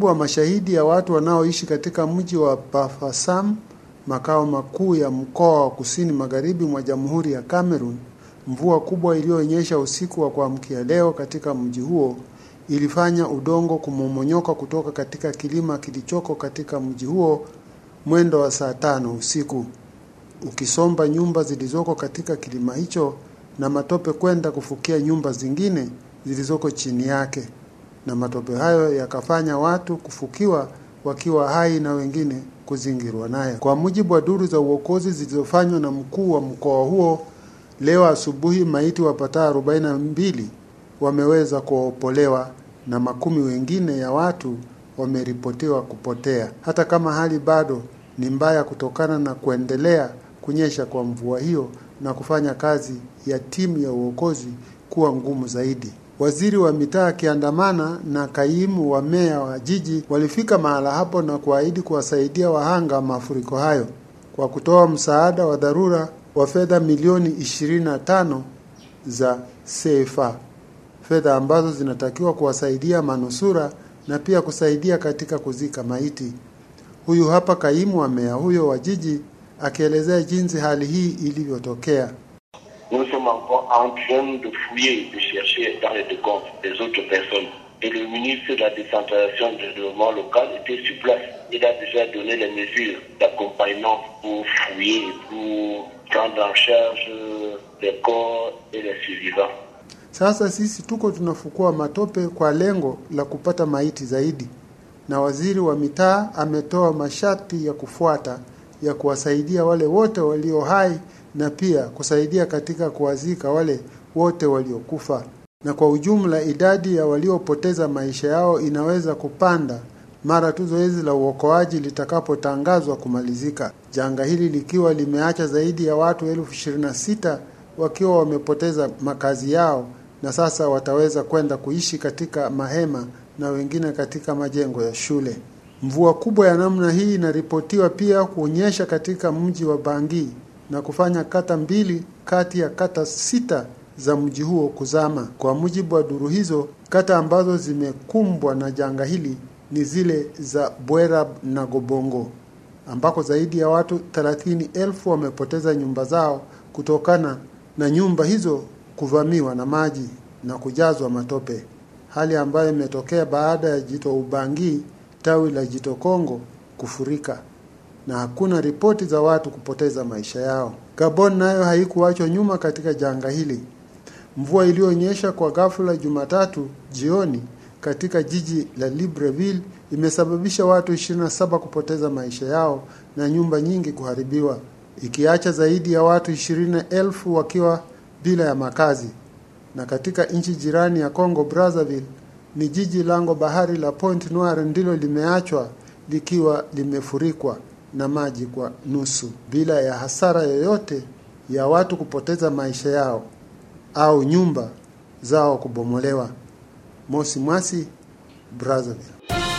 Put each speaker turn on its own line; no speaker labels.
mujibu wa mashahidi ya watu wanaoishi katika mji wa Bafasam, makao makuu ya mkoa wa kusini magharibi mwa Jamhuri ya Cameroon, mvua kubwa iliyoonyesha usiku wa kuamkia leo katika mji huo ilifanya udongo kumomonyoka kutoka katika kilima kilichoko katika mji huo mwendo wa saa tano usiku ukisomba nyumba zilizoko katika kilima hicho na matope kwenda kufukia nyumba zingine zilizoko chini yake na matope hayo yakafanya watu kufukiwa wakiwa hai na wengine kuzingirwa nayo. Kwa mujibu wa duru za uokozi zilizofanywa na mkuu wa mkoa huo, leo asubuhi maiti wapataa 42 wameweza kuopolewa na makumi wengine ya watu wameripotiwa kupotea, hata kama hali bado ni mbaya kutokana na kuendelea kunyesha kwa mvua hiyo na kufanya kazi ya timu ya uokozi kuwa ngumu zaidi. Waziri wa mitaa akiandamana na kaimu wa meya wa jiji walifika mahala hapo na kuahidi kuwasaidia wahanga mafuriko hayo kwa kutoa msaada wa dharura wa fedha milioni 25 za sefa, fedha ambazo zinatakiwa kuwasaidia manusura na pia kusaidia katika kuzika maiti. Huyu hapa kaimu wa meya huyo wa jiji akielezea jinsi hali hii ilivyotokea. nous sommes encore en train de fouiller, de chercher dans les décomptes des autres personnes. Et le ministre de la décentralisation du développement local était sur place. Il a déjà donné les mesures d'accompagnement pour fouiller, pour prendre en charge euh, les corps et les survivants. Sasa sisi tuko tunafukua matope kwa lengo la kupata maiti zaidi, na waziri wa mitaa ametoa masharti ya kufuata ya kuwasaidia wale wote walio hai na pia kusaidia katika kuwazika wale wote waliokufa. Na kwa ujumla idadi ya waliopoteza maisha yao inaweza kupanda mara tu zoezi la uokoaji litakapotangazwa kumalizika, janga hili likiwa limeacha zaidi ya watu elfu ishirini na sita wakiwa wamepoteza makazi yao na sasa wataweza kwenda kuishi katika mahema na wengine katika majengo ya shule. Mvua kubwa ya namna hii inaripotiwa pia kuonyesha katika mji wa Bangui na kufanya kata mbili kati ya kata sita za mji huo kuzama. Kwa mujibu wa duru hizo, kata ambazo zimekumbwa na janga hili ni zile za bwera na Gobongo ambako zaidi ya watu thelathini elfu wamepoteza nyumba zao kutokana na nyumba hizo kuvamiwa na maji na kujazwa matope, hali ambayo imetokea baada ya jito Ubangi tawi la jito Kongo kufurika na hakuna ripoti za watu kupoteza maisha yao. Gabon nayo haikuachwa nyuma katika janga hili. Mvua iliyonyesha kwa ghafula Jumatatu jioni katika jiji la Libreville imesababisha watu 27 kupoteza maisha yao na nyumba nyingi kuharibiwa, ikiacha zaidi ya watu 20,000 wakiwa bila ya makazi. Na katika nchi jirani ya Congo Brazzaville, ni jiji lango bahari la point Noire ndilo limeachwa likiwa limefurikwa na maji kwa nusu bila ya hasara yoyote ya watu kupoteza maisha yao au nyumba zao kubomolewa. Mosi Mwasi, Brazzaville.